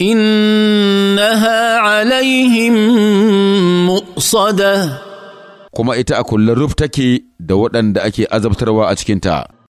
innaha عليهم musada kuma ita a kullum rub take da waɗanda ake azabtarwa a cikinta.